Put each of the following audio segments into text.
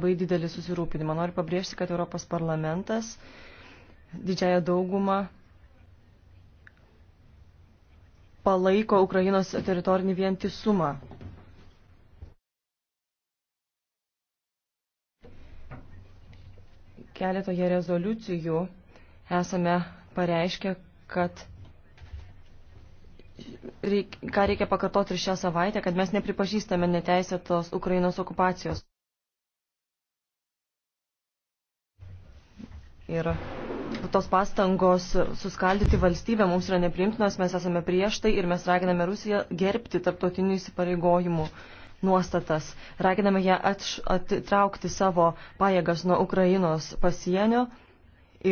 labai didelį susirūpinimą. Noriu pabrėžti, kad Europos parlamentas didžiąją daugumą palaiko Ukrainos teritorinį vientisumą. Keletoje rezoliucijų esame pareiškę, kad reik, ką reikia pakartoti ir šią savaitę, kad mes nepripažįstame neteisėtos Ukrainos okupacijos. Ir tos pastangos suskaldyti valstybę mums yra neprimtinos, mes esame prieš tai ir mes raginame Rusiją gerbti tarptautinių įsipareigojimų nuostatas. Raginame ją atitraukti savo pajėgas nuo Ukrainos pasienio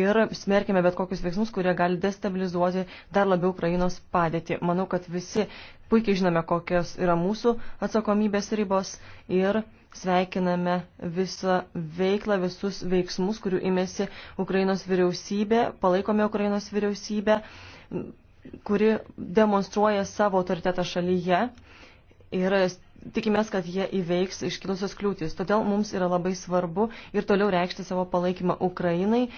ir smerkime bet kokius veiksmus, kurie gali destabilizuoti dar labiau Ukrainos padėtį. Manau, kad visi puikiai žinome, kokios yra mūsų atsakomybės ribos ir sveikiname visą veiklą, visus veiksmus, kurių imėsi Ukrainos vyriausybė, palaikome Ukrainos vyriausybę, kuri demonstruoja savo autoritetą šalyje ir tikimės, kad jie įveiks iškilusios kliūtis. Todėl mums yra labai svarbu ir toliau reikšti savo palaikymą Ukrainai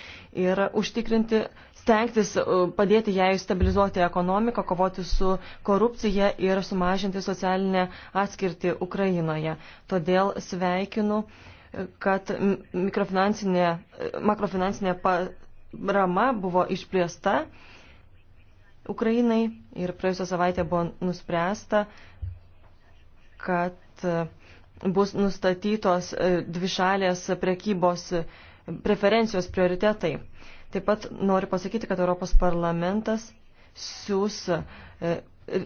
ir užtikrinti, stengtis uh, padėti jai stabilizuoti ekonomiką, kovoti su korupcija ir sumažinti socialinę atskirtį Ukrainoje. Todėl sveikinu, uh, kad uh, makrofinansinė parama buvo išplėsta Ukrainai ir praėjusią savaitę buvo nuspręsta kad e, bus nustatytos e, dvišalės prekybos e, preferencijos prioritetai. Taip pat noriu pasakyti, kad Europos parlamentas siūs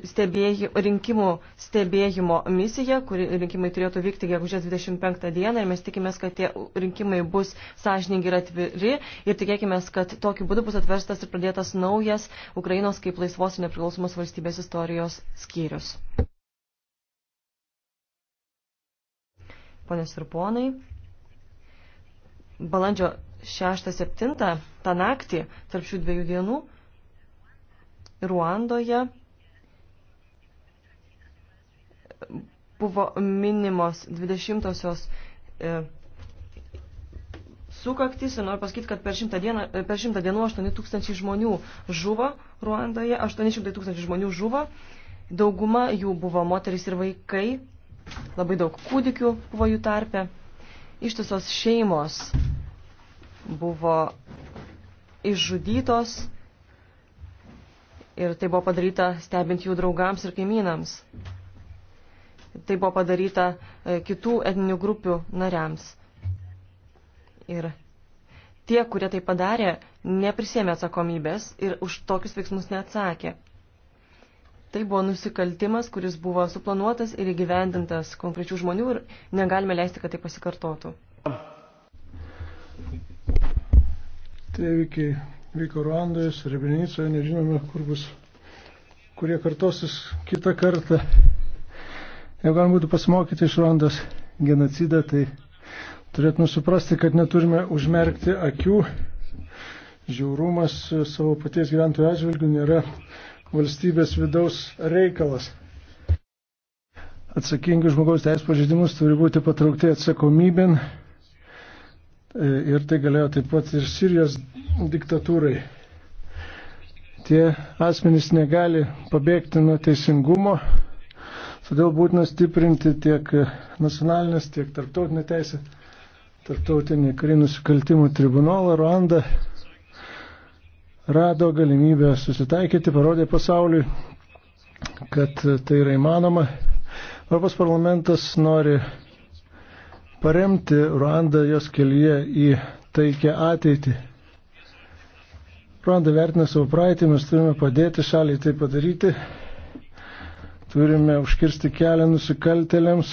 stebėjim, rinkimų stebėjimo misiją, kur rinkimai turėtų vykti gegužės 25 dieną ir mes tikimės, kad tie rinkimai bus sąžininkai ir atviri ir tikėkime, kad tokiu būdu bus atverstas ir pradėtas naujas Ukrainos kaip laisvos ir nepriklausomos valstybės istorijos skyrius. Ponios ir ponai, balandžio 6-7 tą naktį, tarp šių dviejų dienų, Ruandoje buvo minimos 20-osios e, sukaktys ir noriu pasakyti, kad per šimtą, dieną, e, per šimtą dienų 8 tūkstančiai žmonių žuvo Ruandoje, 800 tūkstančių žmonių žuvo, dauguma jų buvo moteris ir vaikai, Labai daug kūdikių buvo jų tarpe. Ištisos šeimos buvo išžudytos ir tai buvo padaryta stebint jų draugams ir kaimynams. Tai buvo padaryta e, kitų etninių grupių nariams. Ir tie, kurie tai padarė, neprisėmė atsakomybės ir už tokius veiksmus neatsakė. Tai buvo nusikaltimas, kuris buvo suplanuotas ir įgyvendintas konkrečių žmonių ir negalime leisti, kad tai pasikartotų. Tai vyko Ruandoje, Srebrenicoje, nežinome, kur bus, kurie kartosis kitą kartą. Jeigu galima būtų pasimokyti iš Ruandos genocidą, tai turėtume suprasti, kad neturime užmerkti akių. Žiaurumas savo paties gyventojų atžvilgių nėra valstybės vidaus reikalas. Atsakingi žmogaus teisų pažeidimus turi būti patraukti atsakomybėn e, ir tai galėjo taip pat ir Sirijos diktatūrai. Tie asmenys negali pabėgti nuo teisingumo, todėl būtina stiprinti tiek nacionalinės, tiek tarptautinę teisę, tarptautinį karinių nusikaltimų tribunolą Ruandą rado galimybę susitaikyti, parodė pasauliui, kad tai yra įmanoma. Europos parlamentas nori paremti Ruandą jos kelyje į taikę ateitį. Ruanda vertina savo praeitį, mes turime padėti šaliai tai padaryti, turime užkirsti kelią nusikaltelėms,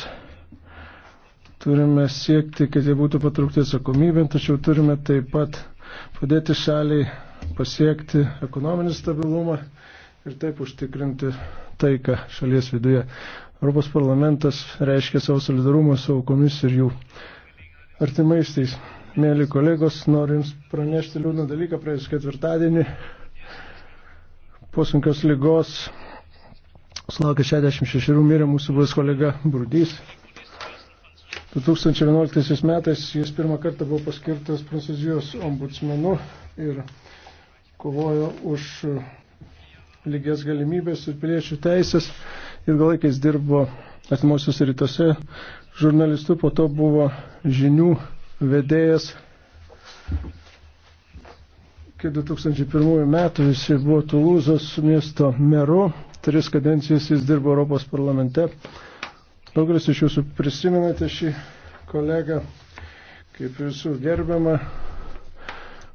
turime siekti, kad jie būtų patraukti atsakomybėn, tačiau turime taip pat padėti šaliai pasiekti ekonominį stabilumą ir taip užtikrinti taiką šalies viduje. Europos parlamentas reiškia savo solidarumą su aukomis ir jų artimaisiais. Mėly kolegos, noriu Jums pranešti liūdną dalyką praėjus ketvirtadienį. Po sunkios lygos sulaukė 66 mirė mūsų buvęs kolega Brudys. 2011 metais jis pirmą kartą buvo paskirtas Prancūzijos ombudsmenu ir kovojo už lygias galimybės ir piliečių teisės. Ilgalaikais dirbo atmosios rytuose žurnalistu, po to buvo žinių vedėjas. Iki 2001 metų jis buvo Tulūzos miesto meru, tris kadencijas jis dirbo Europos parlamente. Daugelis iš jūsų prisimenate šį kolegą kaip visų gerbiamą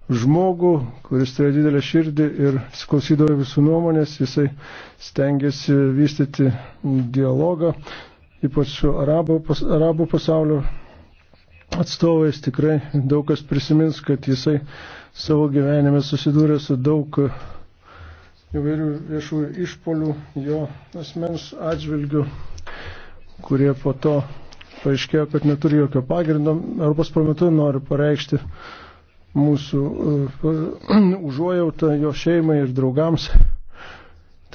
žmogų, kuris turėjo didelę širdį ir klausydavo visų nuomonės, jisai stengiasi vystyti dialogą, ypač su arabų, pas, arabų pasaulio atstovais. Tikrai daug kas prisimins, kad jisai savo gyvenime susidūrė su daug įvairių viešųjų išpolių jo asmens atžvilgių, kurie po to paaiškėjo, kad neturi jokio pagrindo. Europos parlamentui noriu pareikšti mūsų uh, užuojautą jo šeimai ir draugams.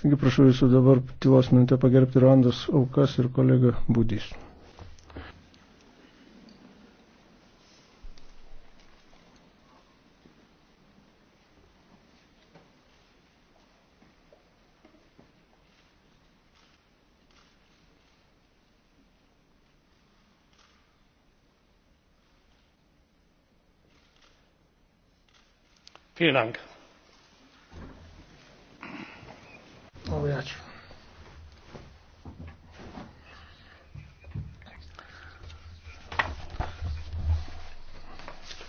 Taigi prašau jūsų dabar tylos minutę pagerbti Ruandos aukas ir kolega Budys. vielen dank!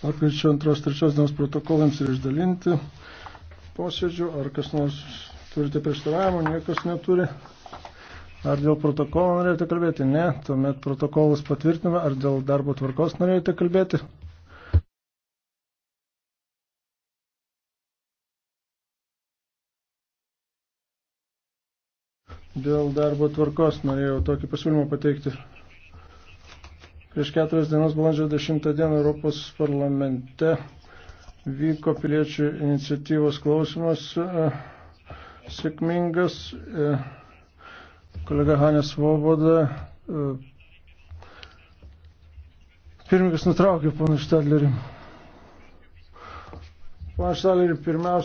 lapkričio antros trečios dienos protokolams ir išdalinti posėdžių, ar kas nors turite prieštaravimą, niekas neturi. Ar dėl protokolo norėjote kalbėti? Ne. Tuomet protokolas patvirtiname. Ar dėl darbo tvarkos norėjote kalbėti? Dėl darbo tvarkos norėjau tokį pasiūlymą pateikti. Prieš keturias dienas, balandžio 10 dieną, Europos parlamente vyko piliečių iniciatyvos klausimas e, sėkmingas. E, kolega Hanės Voboda. E, pirmininkas nutraukė poną Štadlerį. Ponas Štadlerį pirmiausia.